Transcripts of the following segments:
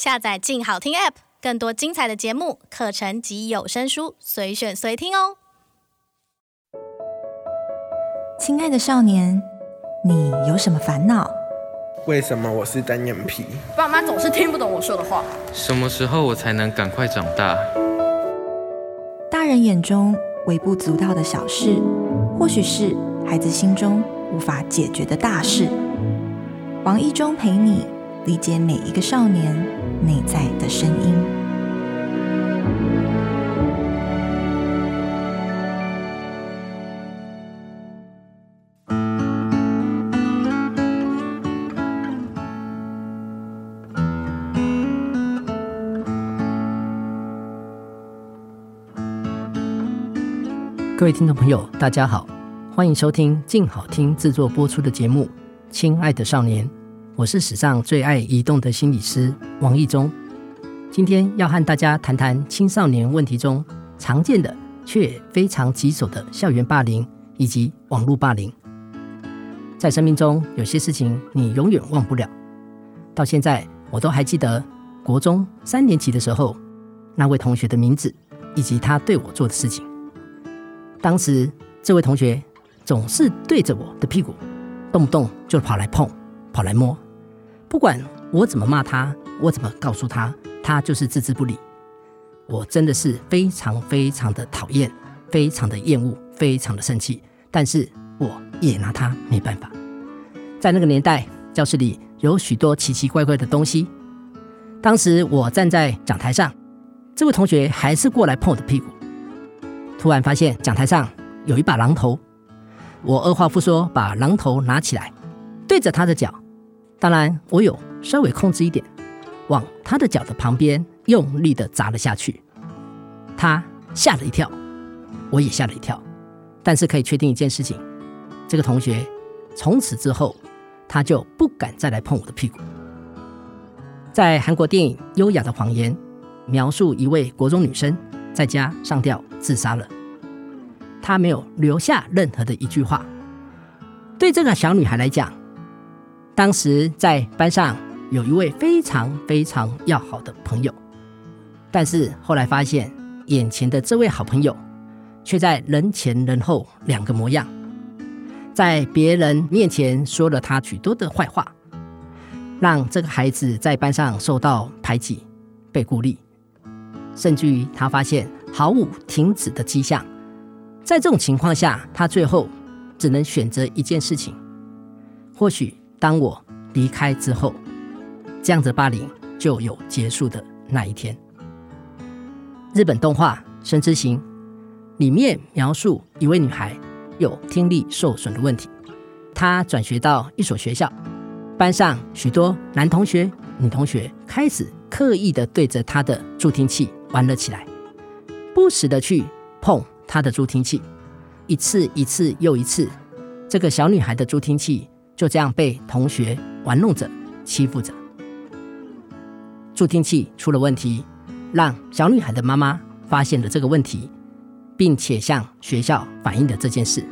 下載“進好聽 ”App，更多精彩的節目、課程及有聲書，隨選隨聽哦。親愛的少年，你有什麼煩惱？為什麼我是單眼皮？爸媽總是聽不懂我說的話。什麼時候我才能趕快長大？大人眼中微不足道的小事，或許是孩子心中無法解決的大事。王意中陪你理解每一個少年。內在的聲音。各位聽眾朋友，大家好，歡迎收聽靜好聽製作播出的節目《親愛的少年》。我是史上最愛移動的心理師王意中，今天要和大家談談青少年問題中常見的卻非常棘手的校園霸凌以及網絡霸凌。在生命中，有些事情你永遠忘不了。到現在，我都還記得國中三年級的時候，那位同學的名字以及他對我做的事情。當時，這位同學總是對着我的屁股，動不動就跑來碰，跑來摸。不管我怎麼罵他，我怎麼告訴他，他就是置之不理。我真的是非常非常的討厭，非常的厭惡，非常的生氣，但是我也拿他沒辦法。在那個年代，教室裡有許多奇奇怪怪的東西。當時我站在講台上，這位同學還是過來碰我的屁股。突然發現講台上有一把榔頭，我二話不說把榔頭拿起來，對着他的腳。當然，我有稍微控制一點，往他的腳的旁邊用力地砸了下去。他嚇了一跳，我也嚇了一跳。但是可以確定一件事情，這個同學從此之後，他就不敢再來碰我的屁股。在韓國電影《優雅的謊言》，描述一位國中女生在家上吊自殺了，她沒有留下任何的一句話。對這個小女孩來講，當時在班上有一位非常非常要好的朋友，但是後來發現，眼前的這位好朋友卻在人前人後兩個模樣，在別人面前說了他許多的壞話，讓這個孩子在班上受到排擠、被孤立，甚至於他發現毫無停止的跡象。在這種情況下，他最後只能選擇一件事情，或許。當我離開之後，這樣子的霸凌就有結束的那一天。日本動畫《聲之形》裡面描述一位女孩有聽力受損的問題，她轉學到一所學校，班上許多男同學、女同學開始刻意的對着她的助聽器玩了起來，不時的去碰她的助聽器，一次一次又一次，這個小女孩的助聽器就這樣被同學玩弄着、欺負着，助聽器出了問題，讓小女孩的媽媽發現了這個問題，並且向學校反映了這件事。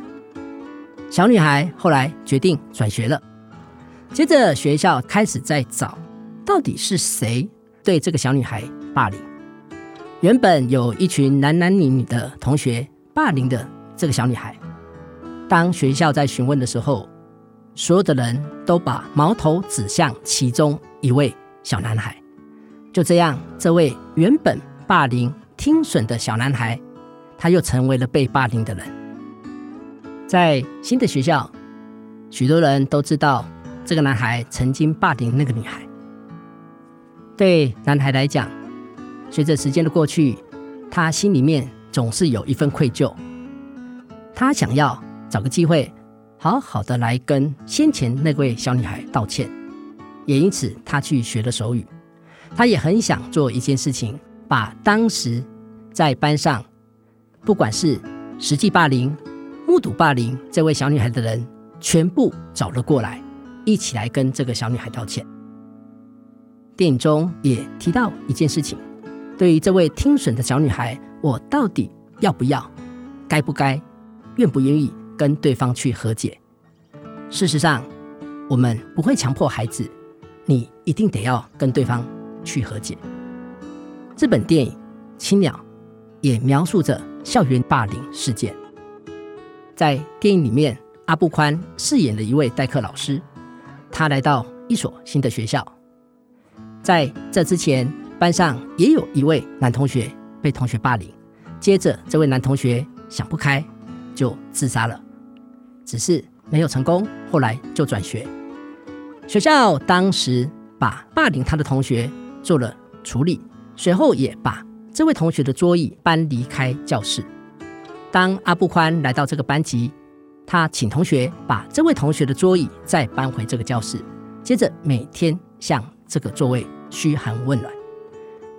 小女孩後來決定轉學了。接着，學校開始在找，到底是誰對這個小女孩霸凌。原本有一群男男女女的同學霸凌的這個小女孩，當學校在詢問的時候。所有的人都把矛頭指向其中一位小男孩。就這樣，這位原本霸凌、聽損的小男孩，他又成為了被霸凌的人。在新的學校，許多人都知道這個男孩曾經霸凌那個女孩。對男孩來講，隨着時間的過去，他心裡面總是有一份愧疚。他想要找個機會。好好的來跟先前那位小女孩道歉，也因此她去學了手語。她也很想做一件事情，把當時在班上不管是實際霸凌、目睹霸凌這位小女孩的人，全部找了過來，一起來跟這個小女孩道歉。電影中也提到一件事情，對於這位聽損的小女孩，我到底要不要？該不該？願不願意？跟對方去和解。事實上，我們不會強迫孩子，你一定得要跟對方去和解。這本電影《青鳥》也描述着校園霸凌事件。在電影裡面，阿布寬飾演了一位代課老師，他來到一所新的學校。在這之前，班上也有一位男同學被同學霸凌，接着這位男同學想不開就自殺了。只是沒有成功，後來就轉學。學校當時把霸凌他的同學做了處理，隨後也把這位同學的桌椅搬離開教室。當阿布寬來到這個班級，他請同學把這位同學的桌椅再搬回這個教室，接着每天向這個座位噓寒問暖。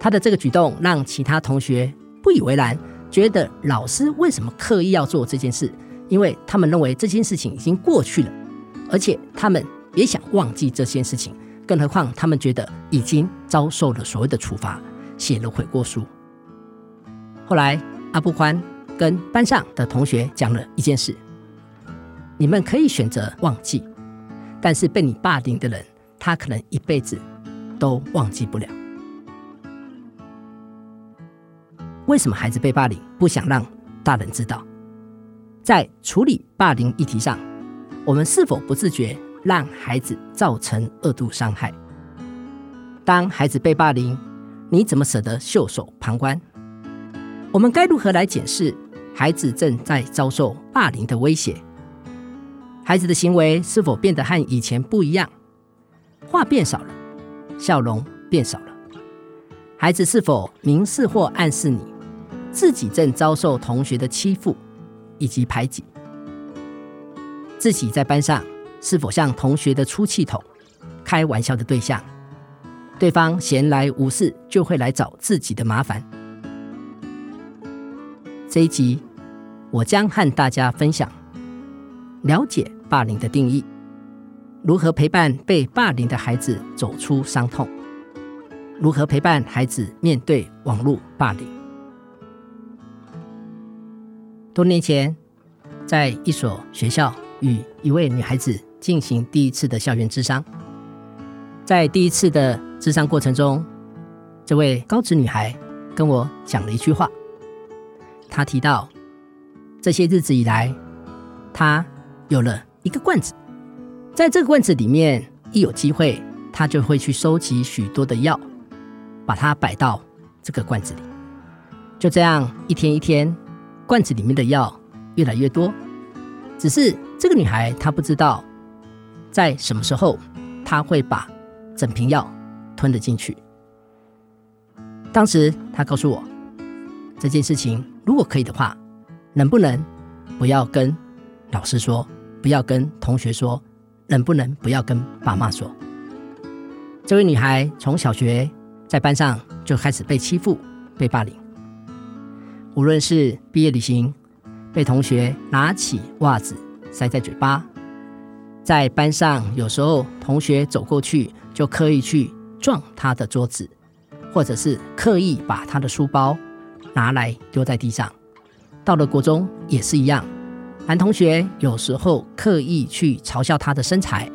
他的這個舉動讓其他同學不以為然，覺得老師為什麼刻意要做這件事？因為他們認為這件事情已經過去了，而且他們也想忘記這件事情。更何況他們覺得已經遭受了所謂的處罰，寫了悔過書。後來，阿布寬跟班上的同學講了一件事：你們可以選擇忘記，但是被你霸凌的人，他可能一輩子都忘記不了。為什麼孩子被霸凌不想讓大人知道？在處理霸凌議題上，我們是否不自覺讓孩子造成二度傷害？當孩子被霸凌，你怎麼捨得袖手旁觀？我們該如何來解釋孩子正在遭受霸凌的威脅？孩子的行為是否變得和以前不一樣？話變少了，笑容變少了，孩子是否明示或暗示你自己正遭受同學的欺負？以及排擠，自己在班上是否像同學的出氣筒、開玩笑的對象？對方閒來無事就會來找自己的麻煩。這一集，我將和大家分享了解霸凌的定義，如何陪伴被霸凌的孩子走出傷痛，如何陪伴孩子面對網絡霸凌。多年前，在一所學校與一位女孩子進行第一次的校園諮商，在第一次的諮商過程中，這位高職女孩跟我講了一句話。她提到，這些日子以來，她有了一個罐子，在這個罐子裡面，一有機會她就會去收集許多的藥，把它擺到這個罐子裡。就這樣，一天一天。罐子裡面的藥越來越多，只是這個女孩她不知道，在什麼時候她會把整瓶藥吞了進去。當時她告訴我，這件事情如果可以的話，能不能不要跟老師說，不要跟同學說，能不能不要跟爸媽說？這位女孩從小學在班上就開始被欺負、被霸凌。無論是畢業旅行，被同學拿起襪子塞在嘴巴，在班上有時候同學走過去就刻意去撞他的桌子，或者是刻意把他的書包拿來丟在地上。到了國中也是一樣，男同學有時候刻意去嘲笑他的身材，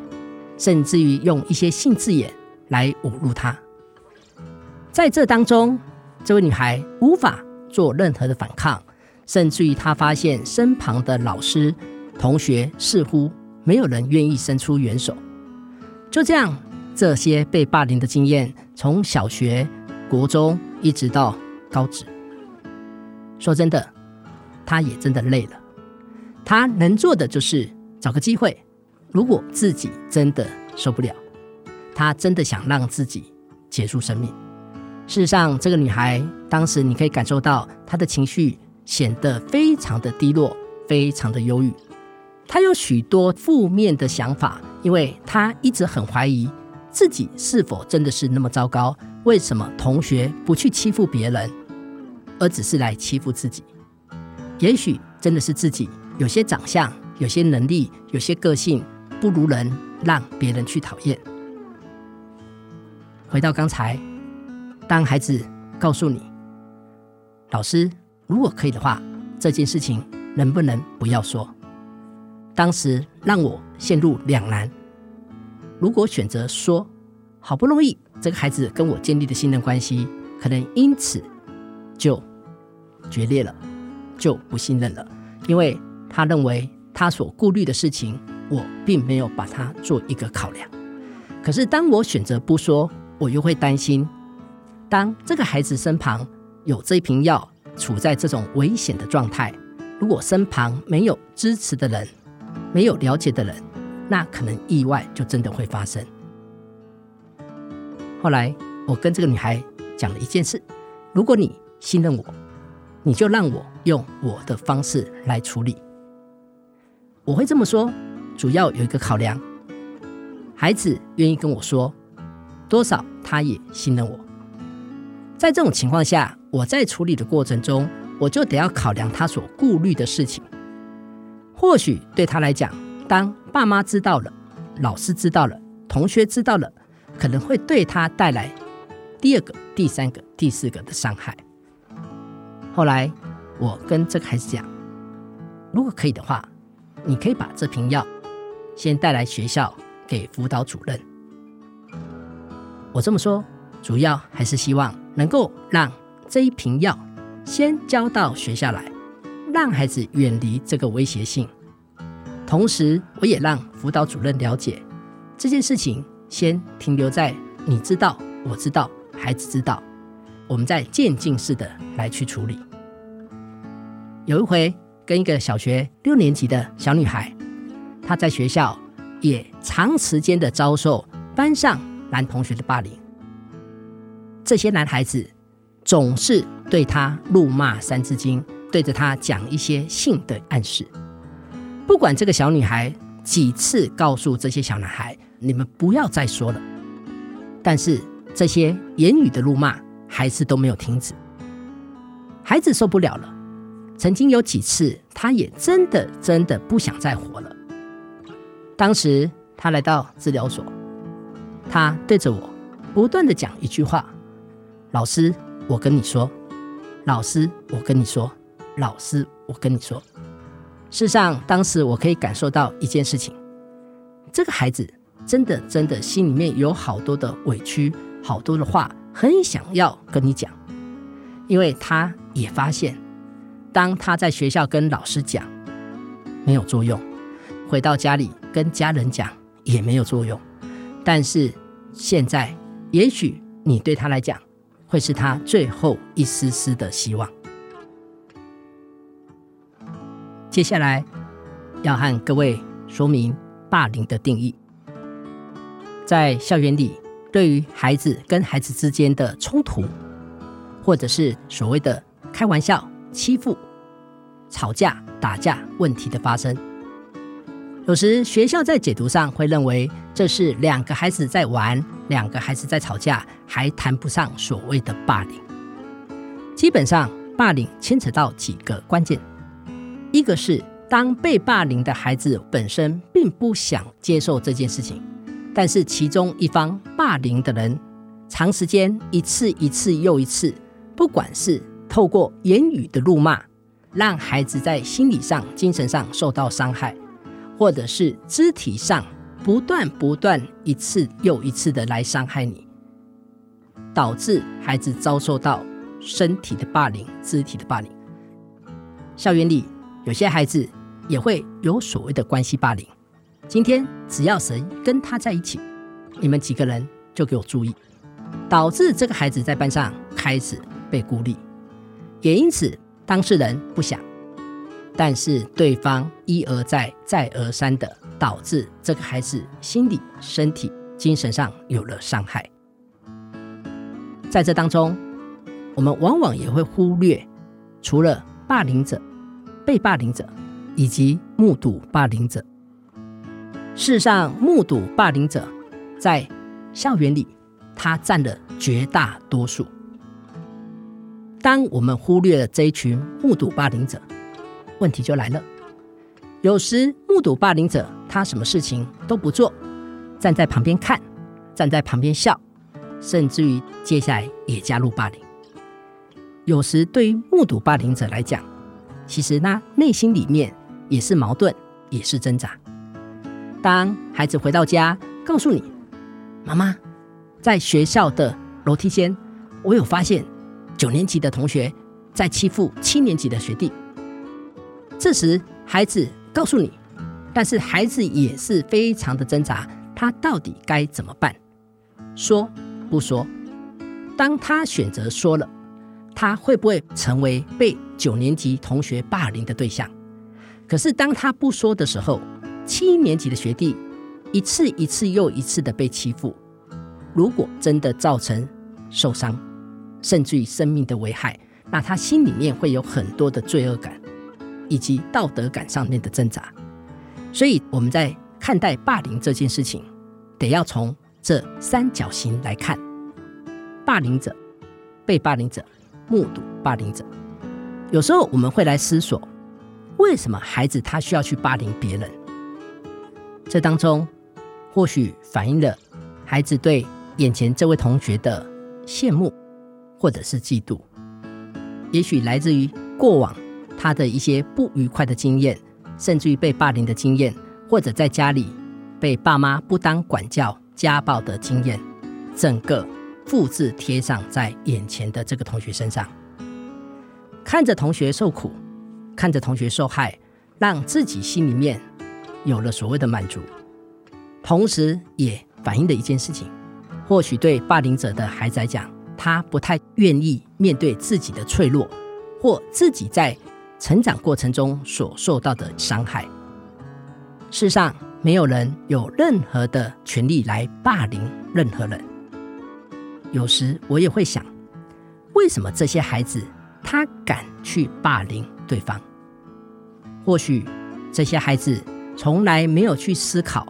甚至於用一些性字眼來侮辱他。在這當中，這位女孩無法做任何的反抗，甚至於他發現身旁的老師、同學似乎沒有人願意伸出援手。就這樣，這些被霸凌的經驗從小學、國中一直到高職。說真的，他也真的累了。他能做的就是找個機會，如果自己真的受不了，他真的想讓自己結束生命。事實上，這個女孩當時，你可以感受到她的情緒顯得非常的低落，非常的憂鬱。她有許多負面的想法，因為她一直很懷疑自己是否真的是那麼糟糕。為什麼同學不去欺負別人，而只是來欺負自己？也許真的是自己有些長相、有些能力、有些個性不如人，讓別人去討厭。回到剛才，當孩子告訴你：“老師，如果可以的話，這件事情能不能不要說？”當時讓我陷入兩難。如果選擇說，好不容易這個孩子跟我建立的信任關係，可能因此就決裂了，就不信任了，因為他認為他所顧慮的事情，我並沒有把它做一個考量。可是當我選擇不說，我又會擔心。當這個孩子身旁有這一瓶藥，處在這種危險的狀態，如果身旁沒有支持的人，沒有了解的人，那可能意外就真的會發生。後來，我跟這個女孩講了一件事，如果你信任我，你就讓我用我的方式來處理。我會這麼說，主要有一個考量，孩子願意跟我說，多少他也信任我。在這種情況下，我在處理的過程中，我就得要考量他所顧慮的事情。或許對他來講，當爸媽知道了，老師知道了，同學知道了，可能會對他帶來第二個、第三個、第四個的傷害。後來，我跟這個孩子講，如果可以的話，你可以把這瓶藥先帶來學校給輔導主任。我這麼說，主要還是希望。能夠讓這一瓶藥先交到學校來，讓孩子遠離這個威脅性。同時，我也讓輔導主任了解，這件事情先停留在你知道，我知道，孩子知道。我們再漸進式的來去處理。有一回，跟一個小學六年級的小女孩，她在學校也長時間的遭受班上男同學的霸凌。這些男孩子總是對她辱罵《三字經》，對着她講一些性的暗示。不管這個小女孩幾次告訴這些小男孩：“你們不要再說了。”，但是這些言語的辱罵還是都沒有停止。孩子受不了了。曾經有幾次，他也真的真的不想再活了。當時他來到治療所，他對着我不斷的講一句話。老師，我跟你說，老師，我跟你說，老師，我跟你說，事實上，當時我可以感受到一件事情，這個孩子真的真的心裡面有好多的委屈，好多的話很想要跟你講，因為他也發現，當他在學校跟老師講沒有作用，回到家裡跟家人講也沒有作用，但是現在，也許你對他來講，會是他最後一絲絲的希望。接下來要和各位說明霸凌的定義。在校園裡，對於孩子跟孩子之間的衝突，或者是所謂的開玩笑、欺負、吵架、打架問題的發生。有時學校在解讀上會認為這是兩個孩子在玩，兩個孩子在吵架，還談不上所謂的霸凌。基本上，霸凌牽扯到幾個關鍵，一個是當被霸凌的孩子本身並不想接受這件事情，但是其中一方霸凌的人長時間一次一次又一次，不管是透過言語的辱罵，讓孩子在心理上、精神上受到傷害。或者是肢體上不斷不斷一次又一次的來傷害你，導致孩子遭受到身體的霸凌、肢體的霸凌。校園裡有些孩子也會有所謂的關係霸凌。今天只要誰跟他在一起，你們幾個人就給我注意，導致這個孩子在班上開始被孤立，也因此當事人不想。但是對方一而再、再而三的，導致這個孩子心理、身體、精神上有了傷害。在這當中，我們往往也會忽略，除了霸凌者、被霸凌者以及目睹霸凌者，事實上，目睹霸凌者在校園裡他佔了絕大多數。當我們忽略了這一群目睹霸凌者，問題就來了。有時目睹霸凌者，他什麼事情都不做，站在旁邊看，站在旁邊笑，甚至於接下來也加入霸凌。有時對於目睹霸凌者來講，其實他內心裡面也是矛盾，也是掙扎。當孩子回到家，告訴你：“媽媽，在學校的樓梯間，我有發現九年級的同學在欺負七年級的學弟。”這時，孩子告訴你，但是孩子也是非常的掙扎，他到底該怎麼辦？說不說？當他選擇說了，他會不會成為被九年級同學霸凌的對象？可是當他不說的時候，七年級的學弟一次一次又一次的被欺負。如果真的造成受傷，甚至於生命的危害，那他心裡面會有很多的罪惡感。以及道德感上面的掙扎，所以我們在看待霸凌這件事情，得要從這三角形來看：霸凌者、被霸凌者、目睹霸凌者。有時候我們會來思索，為什麼孩子他需要去霸凌別人？這當中或許反映了孩子對眼前這位同學的羨慕或者是嫉妒，也許來自於過往。他的一些不愉快的經驗，甚至於被霸凌的經驗，或者在家裡被爸媽不當管教、家暴的經驗，整個複製貼上在眼前的這個同學身上，看着同學受苦，看着同學受害，讓自己心裡面有了所謂的滿足，同時也反映了一件事情，或許對霸凌者的孩子來講，他不太願意面對自己的脆弱，或自己在。成長過程中所受到的傷害。世上沒有人有任何的權利來霸凌任何人。有時我也會想，為什麼這些孩子他敢去霸凌對方？或許這些孩子從來沒有去思考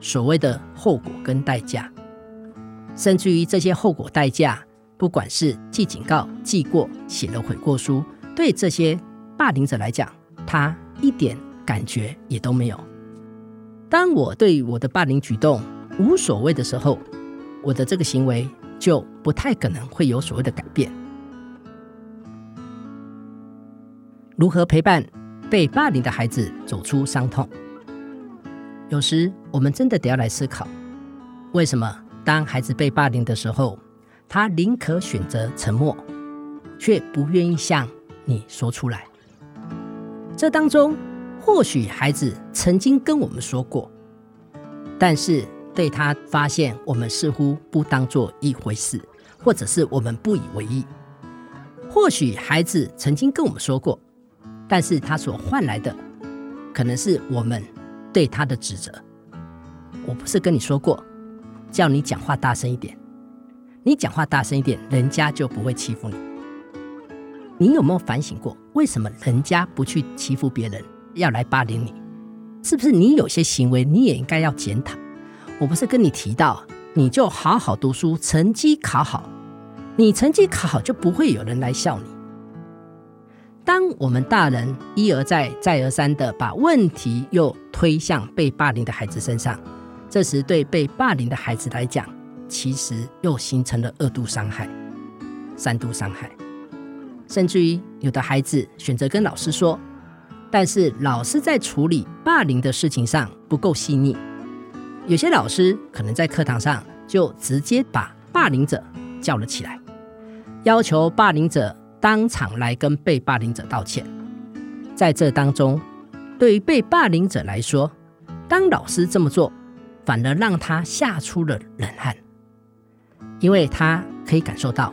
所謂的後果跟代價，甚至於這些後果代價，不管是記警告、記過、寫了悔過書，對這些。霸凌者來講，他一點感覺也都沒有。當我對我的霸凌舉動無所謂的時候，我的這個行為就不太可能會有所謂的改變。如何陪伴被霸凌的孩子走出傷痛？有時我們真的得要來思考，為什麼當孩子被霸凌的時候，他寧可選擇沉默，卻不願意向你說出來？這當中，或許孩子曾經跟我們說過，但是對他發現我們似乎不當作一回事，或者是我們不以為意。或許孩子曾經跟我們說過，但是他所換來的，可能是我們對他的指責。我不是跟你說過，叫你講話大聲一點，你講話大聲一點，人家就不會欺負你。你有沒有反省過，為什麼人家不去欺負別人，要來霸凌你？是不是你有些行為你也應該要檢討？我不是跟你提到，你就好好讀書，成績考好，你成績考好就不會有人來笑你。當我們大人一而再、再而三地把問題又推向被霸凌的孩子身上，這時對被霸凌的孩子來講，其實又形成了二度傷害、三度傷害。甚至於有的孩子選擇跟老師說，但是老師在處理霸凌的事情上不夠細膩。有些老師可能在課堂上就直接把霸凌者叫了起來，要求霸凌者當場來跟被霸凌者道歉。在這當中，對於被霸凌者來說，當老師這麼做，反而讓他嚇出了冷汗，因為他可以感受到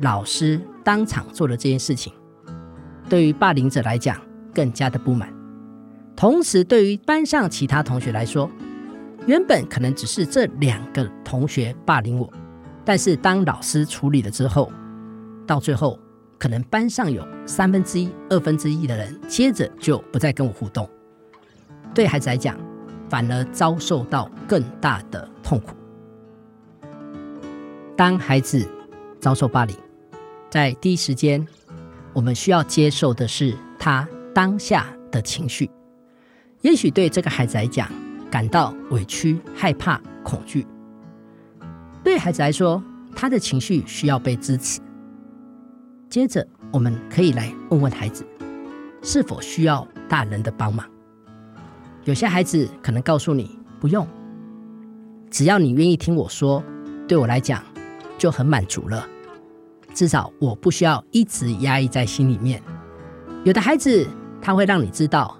老師。當場做了這件事情，對於霸凌者來講更加的不滿。同時，對於班上其他同學來說，原本可能只是這兩個同學霸凌我，但是當老師處理了之後，到最後可能班上有三分之一、二分之一的人，接着就不再跟我互動。對孩子來講，反而遭受到更大的痛苦。當孩子遭受霸凌，在第一時間，我們需要接受的是他當下的情緒。也許對這個孩子來講，感到委屈、害怕、恐懼。對孩子來說，他的情緒需要被支持。接着，我們可以來問問孩子，是否需要大人的幫忙。有些孩子可能告訴你，不用，只要你願意聽我說，對我來講就很滿足了。至少我不需要一直壓抑在心裡面。有的孩子他會讓你知道，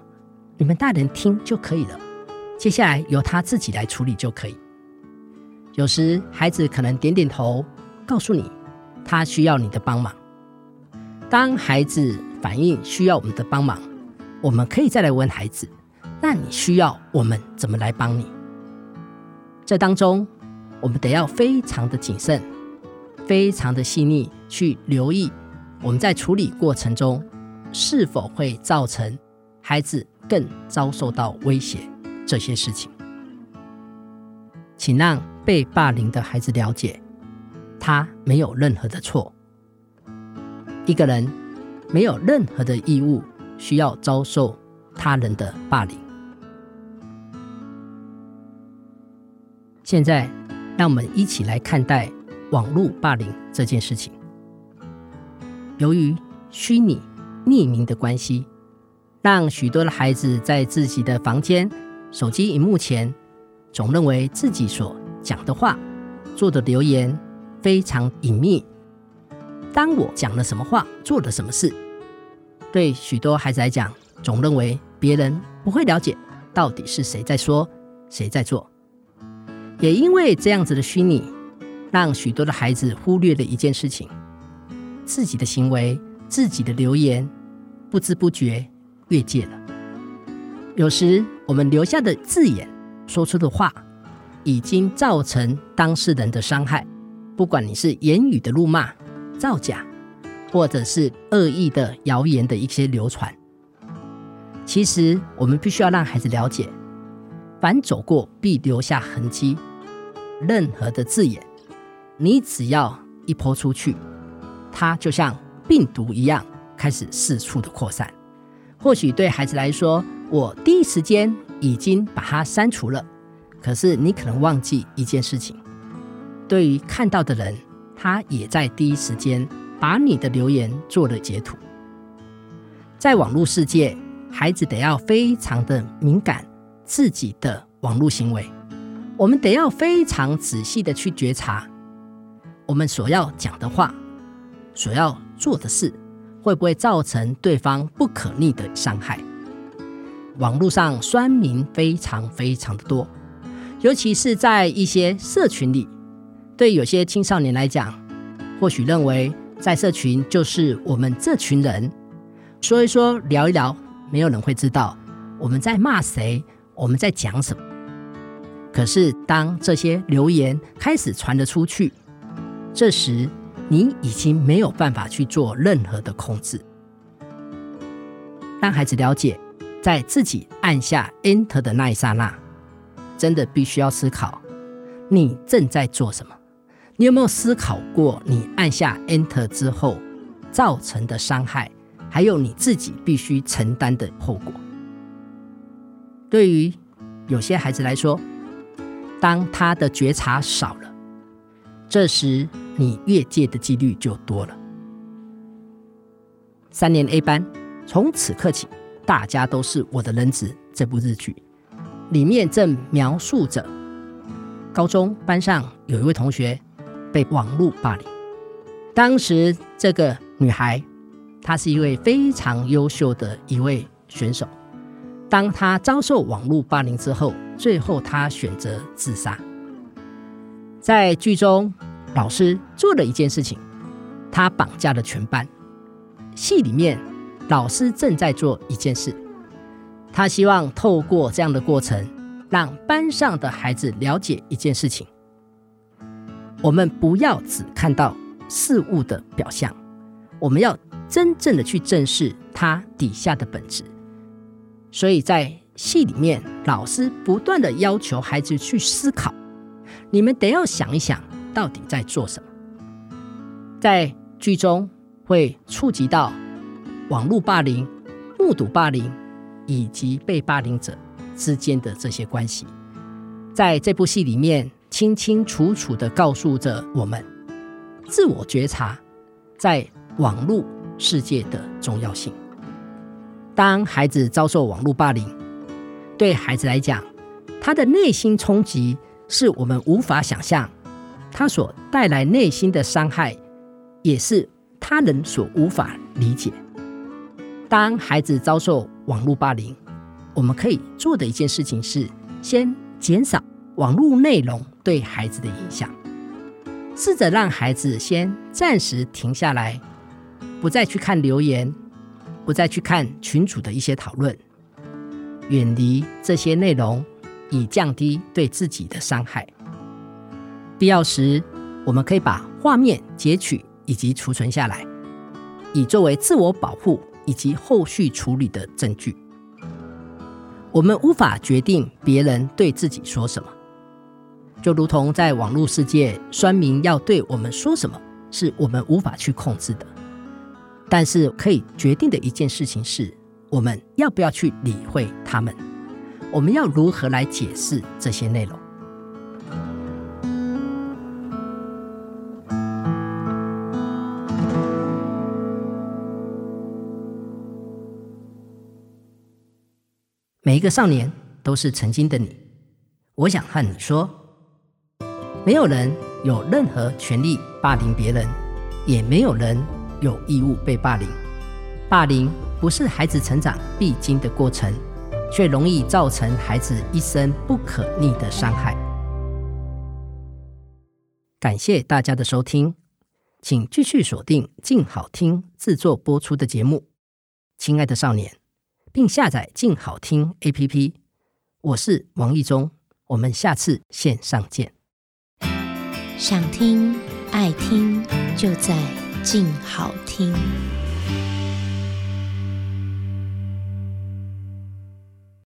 你們大人聽就可以了。接下來由他自己來處理就可以。有時孩子可能點點頭，告訴你他需要你的幫忙。當孩子反應需要我們的幫忙，我們可以再來問孩子：那你需要我們怎麼來幫你？這當中我們得要非常的謹慎。非常的細膩，去留意我們在處理過程中是否會造成孩子更遭受到威脅這些事情。請讓被霸凌的孩子了解，他沒有任何的錯，一個人沒有任何的義務需要遭受他人的霸凌。現在，讓我們一起來看待。網絡霸凌這件事情，由於虛擬匿名的關係，讓許多的孩子在自己的房間、手機熒幕前，總認為自己所講的話、做的留言非常隱秘。當我講了什麼話、做了什麼事，對許多孩子來講，總認為別人不會了解到底是誰在說、誰在做。也因為這樣子的虛擬，讓許多的孩子忽略了一件事情：自己的行為、自己的留言，不知不覺越界了。有時我們留下的字眼、說出的話，已經造成當事人的傷害。不管你是言語的辱罵、造假，或者是惡意的謠言的一些流傳，其實我們必須要讓孩子了解：凡走過，必留下痕跡。任何的字眼。你只要一潑出去，它就像病毒一樣開始四處的擴散。或許對孩子來說，我第一時間已經把它刪除了。可是你可能忘記一件事情：對於看到的人，他也在第一時間把你的留言做了截圖。在網絡世界，孩子得要非常的敏感，自己的網絡行為，我們得要非常仔細的去覺察。我們所要講的話，所要做的事，會不會造成對方不可逆的傷害？網絡上酸民非常非常的多，尤其是在一些社群裡。對有些青少年來講，或許認為在社群就是我們這群人，說一說、聊一聊，沒有人會知道我們在罵誰，我們在講什麼。可是，當這些留言開始傳得出去。這時，你已經沒有辦法去做任何的控制。當孩子了解，在自己按下 Enter 的那一剎那，真的必須要思考你正在做什麼。你有沒有思考過，你按下 Enter 之後造成的傷害，還有你自己必須承擔的後果？對於有些孩子來說，當他的覺察少了，這時。你越界的幾率就多了。三年 A 班，從此刻起，大家都是我的人質。這部日劇裡面正描述着高中班上有一位同學被網絡霸凌。當時這個女孩，她是一位非常優秀的一位選手。當她遭受網絡霸凌之後，最後她選擇自殺。在劇中。老師做了一件事情，他綁架了全班。戲裡面，老師正在做一件事，他希望透過這樣的過程，讓班上的孩子了解一件事情。我們不要只看到事物的表象，我們要真正的去正視它底下的本質。所以在戲裡面，老師不斷的要求孩子去思考，你們得要想一想。到底在做什麼？在劇中會觸及到網絡霸凌、目睹霸凌以及被霸凌者之間的這些關係。在這部戲裡面，清清楚楚地告訴着我們，自我覺察在網絡世界的重要性。當孩子遭受網絡霸凌，對孩子來講，他的內心衝擊是我們無法想象。他所帶來內心的傷害，也是他人所無法理解。當孩子遭受網絡霸凌，我們可以做的一件事情是，先減少網絡內容對孩子的影響，試着讓孩子先暫時停下來，不再去看留言，不再去看群組的一些討論，遠離這些內容，以降低對自己的傷害。必要時，我們可以把畫面截取以及儲存下來，以作為自我保護以及後續處理的證據。我們無法決定別人對自己說什麼，就如同在網絡世界，酸民要對我們說什麼，是我們無法去控制的。但是可以決定的一件事情是，我們要不要去理會他們，我們要如何來解釋這些內容。每一個少年都是曾經的你，我想和你說，沒有人有任何權利霸凌別人，也沒有人有義務被霸凌。霸凌不是孩子成長必經的過程，卻容易造成孩子一生不可逆的傷害。感謝大家的收聽，請繼續鎖定靜好聽制作播出的節目，親愛的少年。並下載“靜好聽 ”APP，我是王意中，我們下次線上見。想聽愛聽就在“靜好聽”。